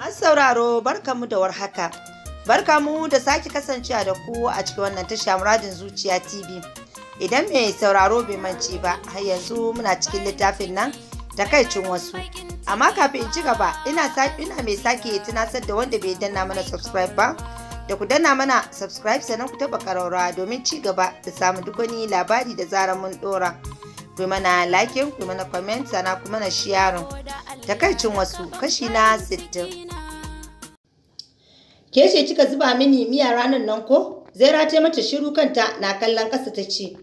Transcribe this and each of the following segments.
Masu sauraro barkamu da warhaka. barka mu da sake kasancewa da ku a cikin wannan tasha muradin zuciya TV. Idan mai sauraro bai mance ba, har yanzu muna cikin littafin nan takaicin wasu. Amma kafin in ci gaba, ina ina mai sake tunasar da wanda bai danna mana subscribe ba. Da ku danna mana subscribe sannan ku taba ƙararrawa domin ci gaba da samun duk wani labari da zarar mun ɗora. ku mana like ku mana comment sana ku mana Ta takaicin wasu kashi na 60 ke ce kika zuba mini miya ranan nan ko zaira ta mata shiru kanta na kallon kasa ta ce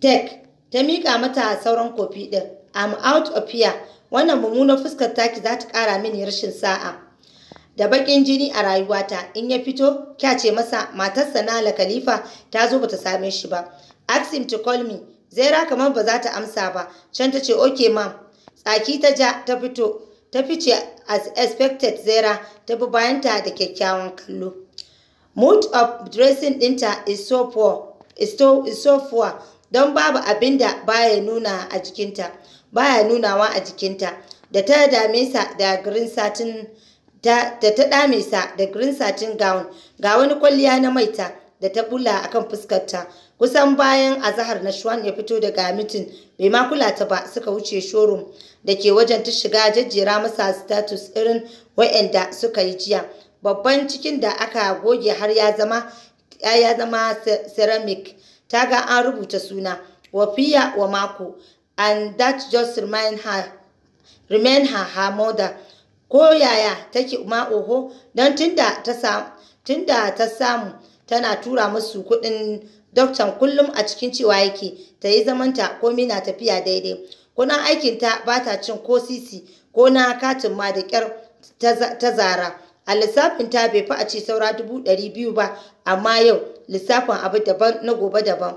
tek ta mika mata sauran kofi din am out of here wannan mummunar fuskar taki za ta kara mini rashin sa'a da bakin jini a rayuwata in ya fito kya ce masa matarsa na la khalifa ta zo bata same shi ba ask him to call me zaira kamar ba za ta amsa ba can ta ce okay ma tsaki ta ja ta fito ta fice as expected zaira ta bi bayanta da kyakkyawan kallo mood of dressing dinta is so poor don babu abin da baya nuna a jikinta baya nunawa a jikinta da ta dame sa da green satin da ta dame sa da green satin gown ga wani kwalliya na maita da ta bula akan fuskarta kusan bayan azahar na shuwan ya fito daga mitin bai ma kula ta ba suka wuce shorum da ke wajen ta shiga jajjera masa status irin wa'anda suka yi jiya babban cikin da aka goge har ya zama ya zama ceramic ta ga an rubuta suna wafiya wa mako and that just remain her remain her, her mother ko yaya take ma oho don tunda ta samu tunda ta samu tana tura musu kuɗin Doktan kullum a cikin cewa yake ta yi zamanta komi na tafiya daidai. aikin aikinta ba ta cin ko sisi ko na katin ma da kyar ta zara. A lissafin ta bai fi a ce saura dubu ɗari biyu ba, amma yau lissafin abu daban na gobe daban.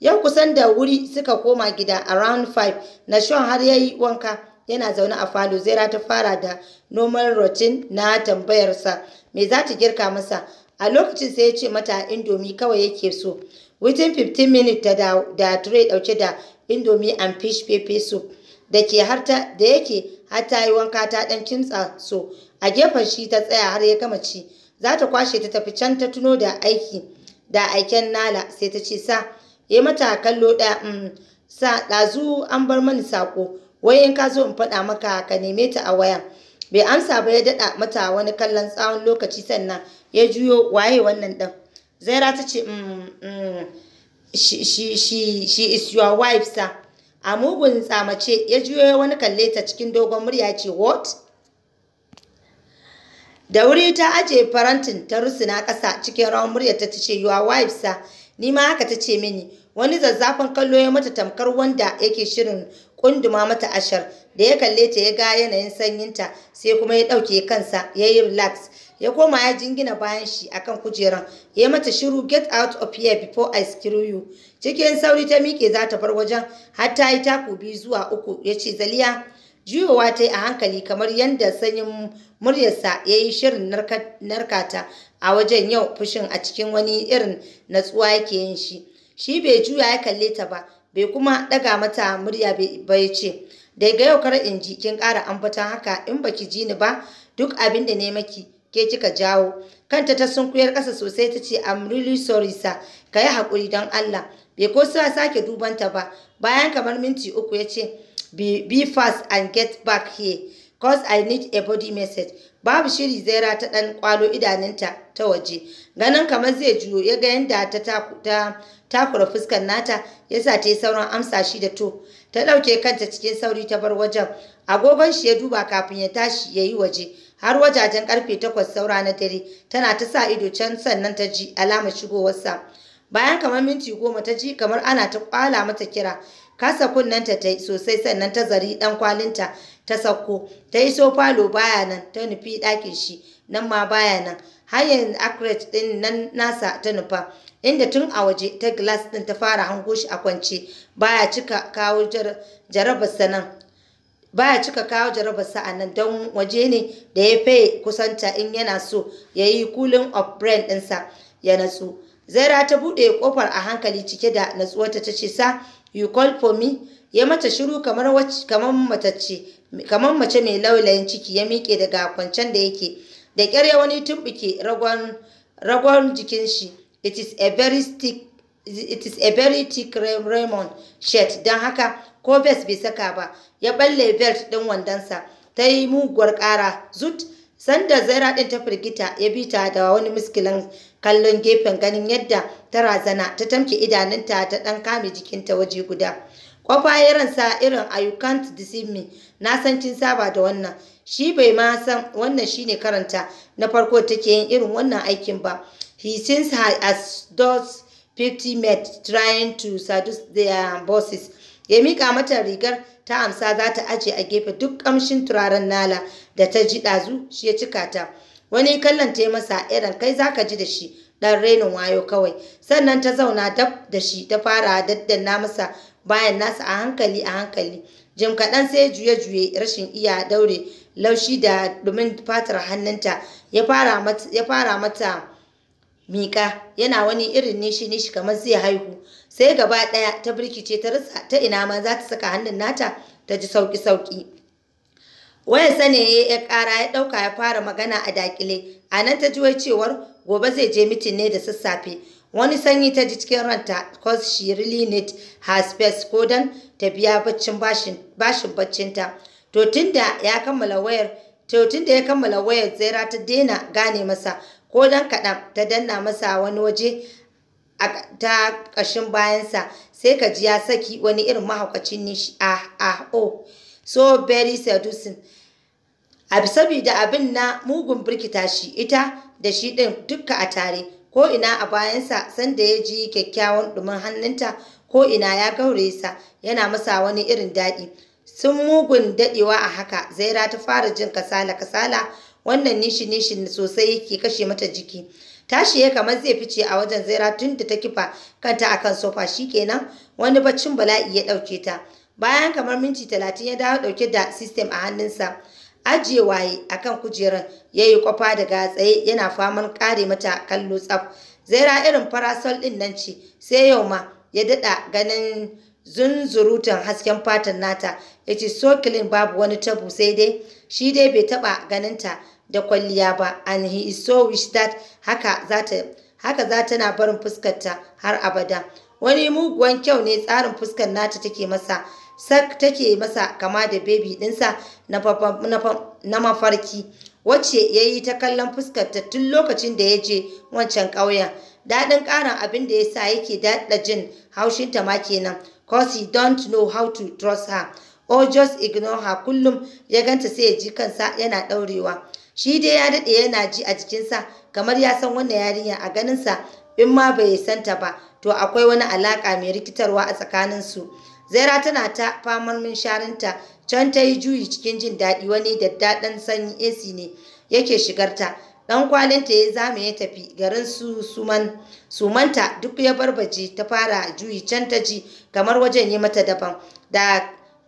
Yau kusan da wuri suka koma gida a round 5 na shan har yayi wanka yana zaune a falo zaira ta fara da noman rotin na tambayarsa me za ta girka masa a lokacin sai ya ce mata indomi kawai yake so within 15 minutes ta da tray dauke da indomie and fish pepe soup da ke har da yake har ta yi wanka ta dan kimtsa so a gefen shi ta tsaya har ya gama ci za ta kwashe ta tafi can ta tuno da aiki da aiken nala sai ta ce sa ya mata kallo ɗaya um, sa ɗazu an bar mani sako wai in ka zo in faɗa maka ka neme ta a wayan bai amsa ba ya daɗa mata wani kallon tsawon lokaci sannan ya juyo waye wannan ɗan zaira ta ce mm, mm, she is your wife sir a mugun tsamace ya juyo wani kalle ta cikin dogon murya ce what da wuri ta aje farantin ta rusuna ƙasa cikin rawan murya ta ce your wife sir ni ma haka ta ce mini wani zazzafin kallo ya mata tamkar wanda yake shirin kunduma mata ashar da ya kalle ta ya ga yanayin sanyinta sai kuma ya ɗauke kansa ya yi relax ya koma ya jingina bayan shi akan kujeran ya mata shiru get out of here before I screw you cikin sauri ta miƙe za ta bar wajen har ta yi taku biyu zuwa uku ya ce zaliya juyowa ta yi a hankali kamar yadda sanyin muryarsa ya yi shirin narkata a wajen yau fushin a cikin wani irin natsuwa yake yin shi shi bai juya ya kalle ta ba bai kuma daga mata murya ba ya ce daga yau kar in ji kin ƙara ambatan haka in baki ji ni ba duk abin da ne maki ke kika jawo kanta ta sunkuyar ƙasa sosai ta ce I'm really sorry sir ka yi haƙuri don Allah bai ko sa sake dubanta ba bayan kamar minti uku ya ce be fast and get back here cause I need a body message. Babu shiri zaira ta ɗan kwalo idanunta ta waje. Ganin kamar zai juyo ya ga yadda ta takura fuskar nata yasa ta yi sauran amsa shi da to. Ta ɗauke kanta cikin sauri ta bar wajen. Agogon shi ya duba kafin ya tashi ya yi waje. Har wajajen karfe takwas saura na dare tana ta sa ido can sannan ta ji alamar shigowarsa. bayan kamar minti goma ta ji kamar ana ta kwala mata kira kasa kunnen ta sosai sannan ta zari dan kwalinta ta sauko ta iso falo baya nan ta nufi ɗakin shi nan ma baya nan hanyar accurate din nan nasa ta nufa inda tun a waje ta glass din ta fara hango shi a kwance baya cika kawo jarabar nan baya cika kawo jarabar a nan don waje ne da ya faye kusanta in yana so ya yi cooling of brain ɗinsa ya natsu zaira ta buɗe kofar a hankali cike da natsuwarta ta ce sa you call for me ya mata shiru kamar kamar matacce kamar mace mai laulayin ciki ya miƙe daga kwancen da yake da ƙyar ya wani tumɓuke ragon ragon jikin shi it is a very thick it is a very thick Raymond shirt don haka ko vest bai saka ba ya balle belt din wandonsa ta yi muguwar ƙara zut sanda zaira din ta firgita ya bi ta da wani miskilan kallon gefen ganin yadda ta razana ta tamke idanunta ta ɗan kame jikinta waje guda. Kwafa ya ransa irin you can't deceive me na san kin saba da wannan shi bai ma san wannan shine karanta na farko take yin irin wannan aikin ba. He since as those 50 men trying to seduce their bosses. Ya mika mata rigar ta amsa za ta aje a gefe duk kamshin turaren Nala da ta ji ɗazu shi ya cika ta. wani kallon ta masa irin kai zaka ji da shi dan renin wayo kawai sannan ta zauna dab da shi ta fara daddanna masa bayan nasa a hankali a hankali jim kaɗan sai juye-juye rashin iya daure laushi da domin fatar hannunta ya fara mata mika yana wani irin nishi-nishi kamar zai haihu sai gaba ɗaya ta birkice ta rasa ta ina ma za ta saka hannun nata ta ji sauki sauƙi Wayan sani ya kara ya ɗauka ya fara magana a dakile a nan ta ji cewar gobe zai je mitin ne da sassafe wani sanyi ta ji cikin ranta cause she really need her space ko don ta biya baccin bashin baccinta to tunda ya kammala wayar to tunda ya kammala wayar zaira ta daina gane masa ko don kaɗan ta danna masa wani waje ta ƙashin bayansa sai ka ji ya saki wani irin mahaukacin nishi ah ah oh so very seducing abi saboda abin na mugun birkita shi ita da shi ɗin dukka a tare ko ina a bayansa sanda ya ji kyakkyawan ɗumin hannunta ko ina ya gaure sa yana masa wani irin daɗi sun mugun daɗewa a haka zaira ta fara jin kasala kasala wannan nishi nishi sosai yake kashe mata jiki tashi ya kamar zai fice a wajen zaira tun da ta kifa kanta a kan sofa shi kenan wani baccin bala'i ya ɗauke ta bayan kamar minti talatin ya dawo ɗauke da sistem a hannunsa ajiye waye a kan kujerar yayi kwafa daga tsaye yana faman kare mata kallo tsaf zaira irin farasol din nan ce sai yau ma ya daɗa ganin zunzurutan hasken fatan nata yace so clean babu wani tabu sai dai shi dai bai taba ganinta da kwalliya ba and he is so wish that haka zata haka za tana barin fuskarta har abada wani muguwan kyau ne tsarin fuskar nata take masa sak take masa kama da bebi ɗinsa na mafarki wacce ya yi ta kallon fuskar ta tun lokacin da ya je wancan ƙauyen daɗin ƙarin abin da ya sa yake daɗa jin haushinta ma kenan cause he don't know how to trust her or just ignore her kullum ya ganta sai ya ji kansa yana ɗaurewa shi dai ya daɗe yana ji a jikinsa kamar ya san wannan yarinya a ganinsa in ma bai santa ba to akwai wani alaka mai rikitarwa a tsakaninsu zaira tana ta faman minsharinta can ta yi juyi cikin jin daɗi wani daddaɗan sanyi ac ne yake shigarta ɗan kwalinta ya zama ya tafi garin su suman sumanta duk ya barbaje ta fara juyi can ta ji kamar wajen yi mata daban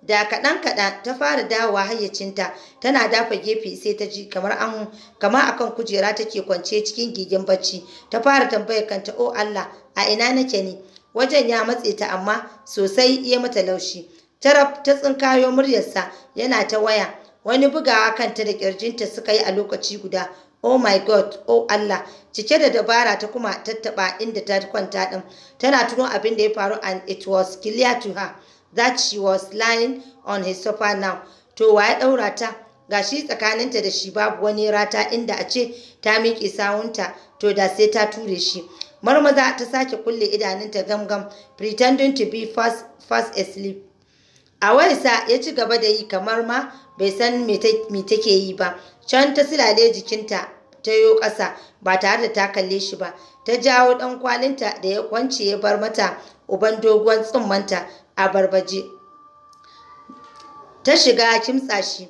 da kaɗan kaɗan ta fara dawowa hayyacinta tana dafa gefe sai ta ji kamar an kamar akan kujera take kwance cikin gigin bacci ta fara tambayar kanta o Allah a ina nake ne wajen ya matse ta amma sosai ya mata laushi taraf ta tsinkayo muryarsa yana ta waya wani bugawa kanta da kirjinta suka yi a lokaci guda oh my god oh allah cike da dabara ta kuma tattaba inda ta kwanta din tana tuno abin da ya faru and it was clear to her that she was lying on his sofa now to wa ya daura ta gashi tsakaninta da shi babu wani rata inda a ce ta miƙe sawunta to da sai ta ture shi marmaza ta sake kulle idanunta gamgam pretending to be fast, fast asleep a wayarsa ya ci gaba da yi kamar ma bai san me take yi ba can ta silale jikinta ta yo ƙasa ba tare da ta kalle shi ba ta jawo ɗan kwalinta da ya kwance ya bar mata uban doguwan tsummanta a barbaje ta shiga kimtsa shi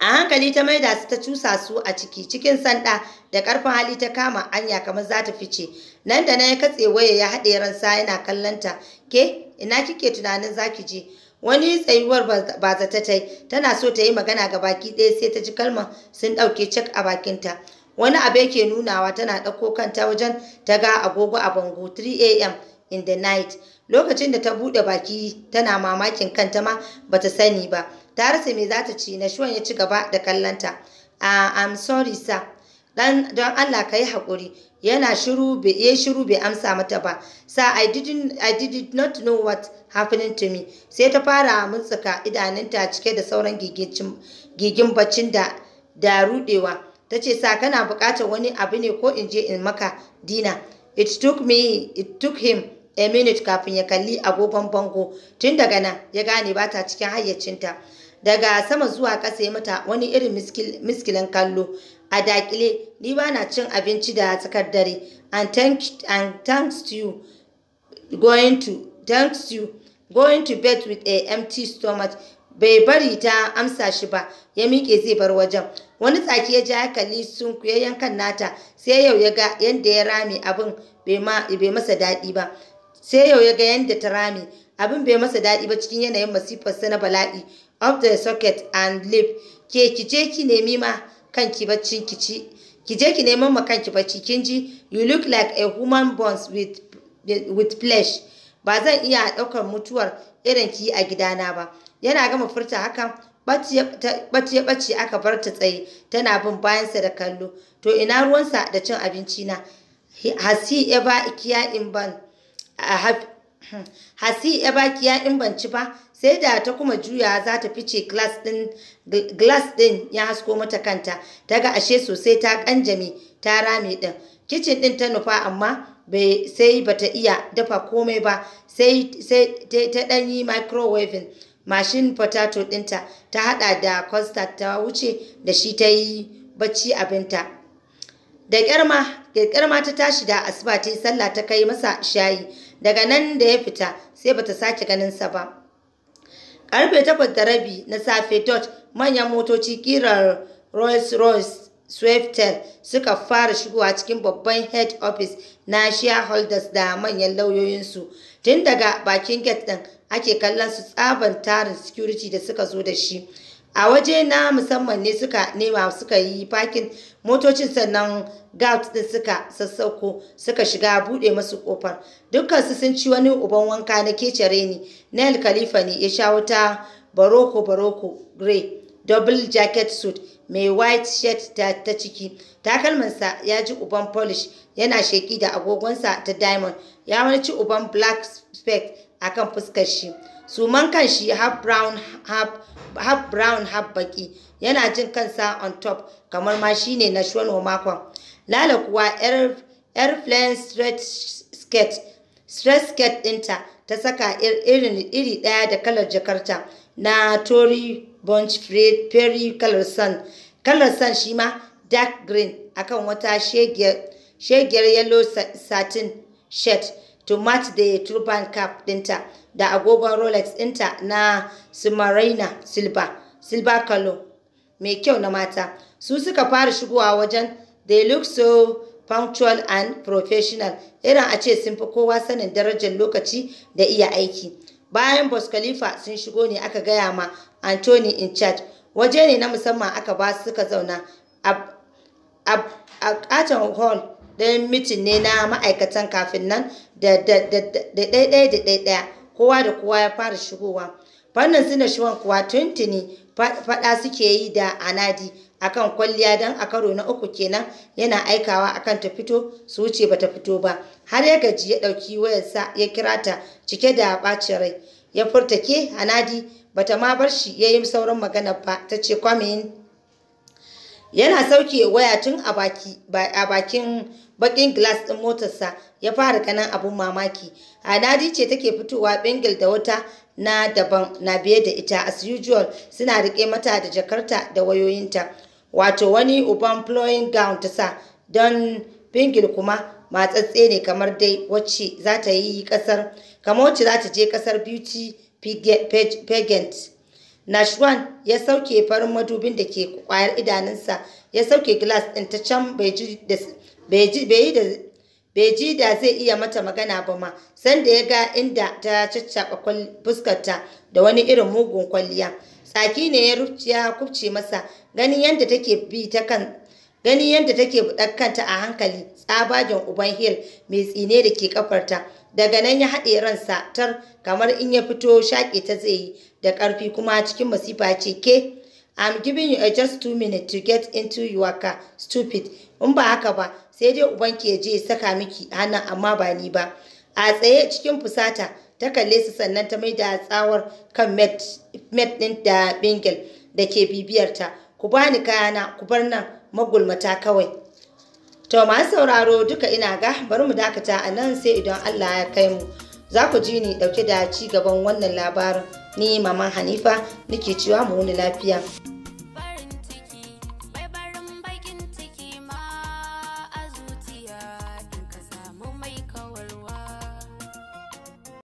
a hankali ta maida su ta cusa su a ciki cikin sanda da karfin hali ta kama anya kamar za ta fice nan da nan ya katse waya ya haɗe ransa yana kallanta ke ina kike tunanin zaki je wani tsayuwar ba za ta tana so ta yi magana ga baki ɗaya sai ta ji kalma sun ɗauke cik a bakinta wani abu yake nunawa tana ɗauko kanta wajen ta ga agogo a bango 3 a.m. in the night lokacin da ta buɗe baki tana mamakin kanta ma bata sani ba ta rasa me za ta ci na shuwan ya ci gaba da kallanta a ah, am sorry sir don Allah ka yi haƙuri yana shiru ya shiru bai amsa mata ba sa I didn't I did not know what happening to me sai ta fara mutsuka idanunta cike da sauran gigin baccin da da rudewa ta ce sa kana buƙatar wani abu ne ko in je in maka dina it took me it took him a minute kafin ya kalli agogon bango tun daga nan ya gane ba ta cikin hayyacinta daga sama zuwa ƙasa ya mata wani irin miskilin kallo a dakile ni ba na cin abinci da tsakar dare and thanks to you going to thanks to you going to bed with a empty stomach bai bari ta amsa shi ba ya miƙe zai bar wajen wani tsaki ya ji hankali sun kuyayyen yankan nata sai yau ya ga yadda ya rame abin bai masa daɗi ba sai yau ya ga yadda ta rame abin bai masa daɗi ba cikin yanayin masifarsa na bala'i of the socket and leave ke ki ki nemi ma kanki baccin ki ci ki neman ma kanki bacci kin ji you look like a human bones with with flesh ba zan iya ɗaukar mutuwar irin ki a gidana ba yana gama furta hakan bacci ya bacci aka bar ta tsaye tana bin bayansa da kallo to ina ruwansa da cin abinci na has he ever kiya in ban uh, has he ever kiya in ban ci ba sai da ta kuma juya za ta fice glass din ya hasko mata kanta ta ga ashe sosai ta kanjami ta rame din kicin din ta nufa amma bai sai bata iya dafa komai ba sai ta dan yi mashin potato dinta ta hada da custard ta wuce da shi ta yi bacci abinta da ƙyar ma ta tashi da asuba ta sallah ta kai masa shayi daga nan da ya fita sai bata sake ganin sa ba Karfe 8:30 na safe dot manyan motoci kirar Rolls Royce Swiftel suka fara shigowa cikin babban head office na shareholders da manyan lauyoyinsu. Tun daga bakin gate ɗin ake kallon su tsaban tarin security da suka zo da shi. a waje na musamman ne suka nema suka yi fakin motocin sannan gout din suka sassauko suka shiga bude masu ƙofar dukkansu sun ci wani uban wanka na kecere ne nail khalifa ne ya sha wuta baroko baroko grey double jacket suit mai white shirt ta, ta ciki takalmansa ya ji uban polish yana sheƙi da agogonsa ta diamond ya wani ci uban black spec akan fuskar shi suman kanshi shi half brown half brown half baki yana jin kansa on top kamar ma shine na shuwan makon lala kuwa yar airplane stretch skirt stretch skirt dinta ta saka irin iri daya da kalar jakarta na tory bunch fairy kalar sun kalar sun shi ma dark green akan wata shegiyar yellow satin shirt to match the turban cap dinta da agogon rolex dinta na smarina silver silver color mai kyau na mata su suka fara shigowa wajen they look so punctual and professional irin a ce sun fi kowa sanin darajar lokaci da iya aiki bayan bos khalifa sun shigo ne aka gaya ma anthony in charge waje ne na musamman aka ba suka zauna a katon hall ɗayan mitin ne na ma'aikatan kafin nan da ɗaiɗaya da ɗaiɗaya kowa da kowa ya fara shigowa fannin suna shiwon kuwa tuntuni faɗa suke yi da anadi akan kwalliya don a karo na uku kenan yana aikawa akan ta fito su wuce ba ta fito ba har ya gaji ya ɗauki wayarsa ya kira ta cike da ɓacin rai ya furta ke anadi bata ma bar shi ya yi sauran magana ba ta ce kwamin yana sauke waya tun a bakin bakin glass din motarsa ya fara ganin abun mamaki anadi ce take fitowa bengal da wata na daban na biye da ita as usual suna rike mata da jakarta da wayoyinta wato wani uban flowing gown ta sa don bengal kuma matsatse ne kamar dai wacce za ta yi kasar kamar wacce za ta je kasar beauty pageant Nashwan ya sauke farin madubin da ke kwayar idanunsa ya sauke glass ɗin ta can bai ji da zai iya mata magana ba ma sanda ya ga inda ta caccaɓa fuskarta da wani irin mugun kwalliya tsaki ne ya kubce masa ganin yadda take bi ta kan gani yadda take buɗar kanta a hankali tsabagen uban hill mai tsine da ke kafarta daga nan ya haɗe ransa tar kamar in ya fito shaƙe ta zai yi da ƙarfi kuma cikin masifa ce ke I'm giving you a just two minutes to get into your car, stupid. In ba haka ba, sai dai uban ya je saka miki hannun amma ba ni ba. A tsaye cikin fusata, ta kalle su sannan ta maida tsawar kan met ɗin da bingel da ke bibiyarta. Ku bani kayana, ku bar nan, magulmata kawai to masu sauraro duka ina ga bari mu dakata a nan sai idan allah ya kai mu za ku ji ni dauke da ci gaban wannan labarin ni maman hanifa nake cewa mu wani lafiya